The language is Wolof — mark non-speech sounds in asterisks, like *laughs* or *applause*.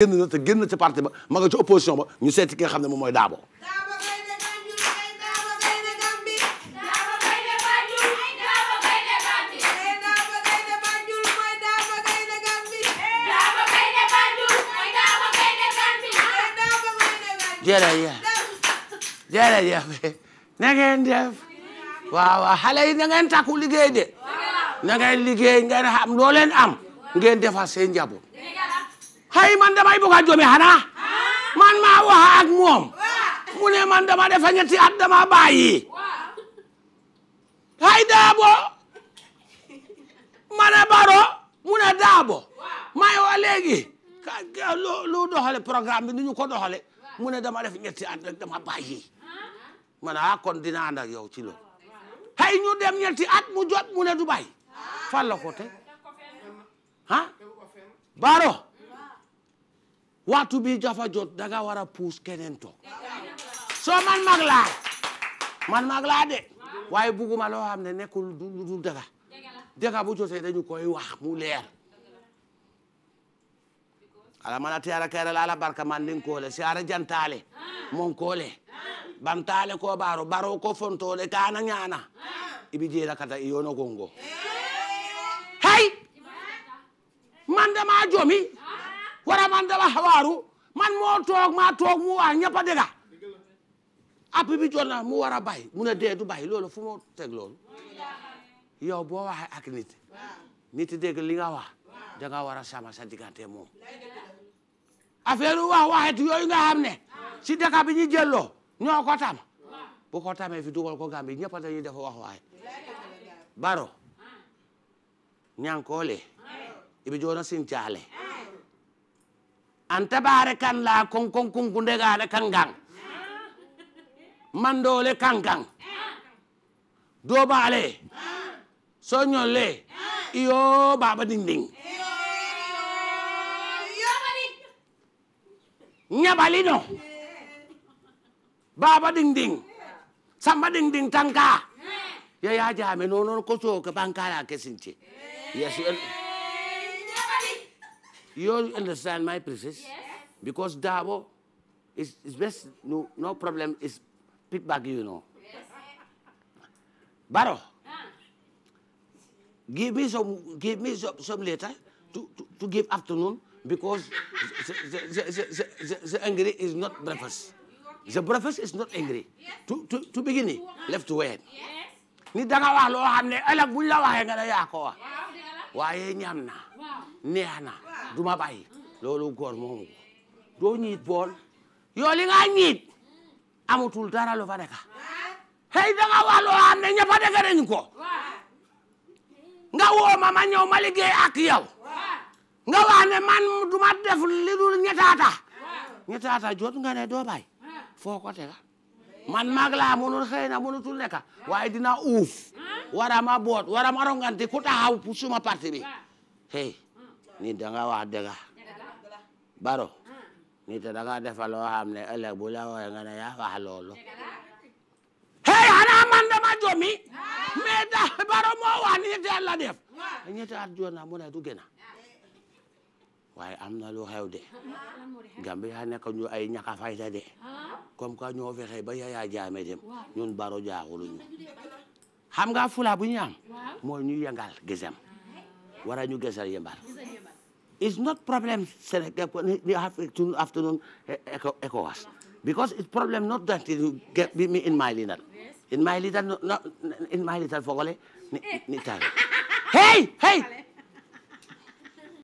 génn na te génn ci parti ba ma nga ci opposition ba ñu seeti ki nga xam ne moom mooy Dabo. jërëjëf jërëjëf na ngeen def waaw waaw xale yi na ngeen takku liggéey de na ngeen liggéey ngeen xam loo leen am ngeen defar seen njaboot. xay man damay bëgg a jome man maa wax ak moom mu ne man dama defa ñetti at dama bàyyi xay daabo ma baro mu ne daabo may wa léegi lu doxale programme bi ni ñu ko doxale mu ne dama def ñetti at rek dama bàyyi ma ne ah, kon dina ànd yow ci loolu xay ñu dem ñetti at mu jot mu ne du bàyyi ko te ah baro waxtu bi jafa jot danga war a puus keneen toog so man mag laa man mag laa de waaye buguma loo xam ne nekkul du du daga daga bu jotee dañu koy wax mu leer ala mana tiyara kayra la barka man din koole si jantaale mon koole bantaale ko baro baro ko fontole kana ñaana ibi jeela kata iyono gongo hey man dama jomi wara man dama xawaaru man moo toog maa toog mu waar ñëpp a dégg app bi jot mu war a mu ne dee du bàyyi fu mu teg loolu yow boo waxee ak nit nit dégg li nga wax da nga a sama sa diggante moom affaire wax waxet yooyu nga xam ne si dëkk bi ñu jëlloo ñoo ko tam bu ko tamee fi dugal ko Gàmbi ñëpp dañuy def wax waxe baro ñankoole ibi joona sin caale anta bare kan la kon kon kun kunde gale kangang mandole kangang dobale soñole iyo baba ding ding ñabali no baba ding ding samba ding ding tanka yaya jame nonon ko so ke bankara ke sinci You understand my process? Yes. Because Dabo is, is best, no, no problem, is pit bag, you know. Baro, ah. give me some, later to, give afternoon because the, angry is not breakfast. The breakfast is not angry. To, to, left to end. ni danga wax loo xam ne ëllëg buñ la waxee nga ne yaa na neex na du ma bàyyi loolu góor moomu ko doo ñiit bool yow li nga ñiit amutul dara lu fa nekk xëy da nga wàllu am ne ñëpp a dégg nga woo ma ma ñëw ma liggéey ak yow nga wax ne man du ma li dul ñettaata ñettaata jot nga ne doo bàyyi foo ko tega man mag laa mënul xëy na mënutul nekk waaye dina uuf warama boot warama rongante ku taxaw pour suma parti bi nit da nga wax baro nit da nga defal loo xam ne ëllëg bu la wooyee nga ne yaa wax loolu hey xanaa man dama jomi mais da baro moo wax nit la def ñetti at joona mu ne du gën waaye am na lu xew de Gambie yaa nekk ñu ay ñaka fayda de comme que ñoo fexe ba Yaya Jammeh dem ñun baro jaaxuluñu xam nga fula bu ñu am mooy ñu yëngal gisam wara ñu gësal yëmbal It's not problem Senegal you have to afternoon e, ECOWAS. Because it's problem not that you get me in my leader. In my leader, no, no, in my leader, for ni, ni *laughs* Hey, hey!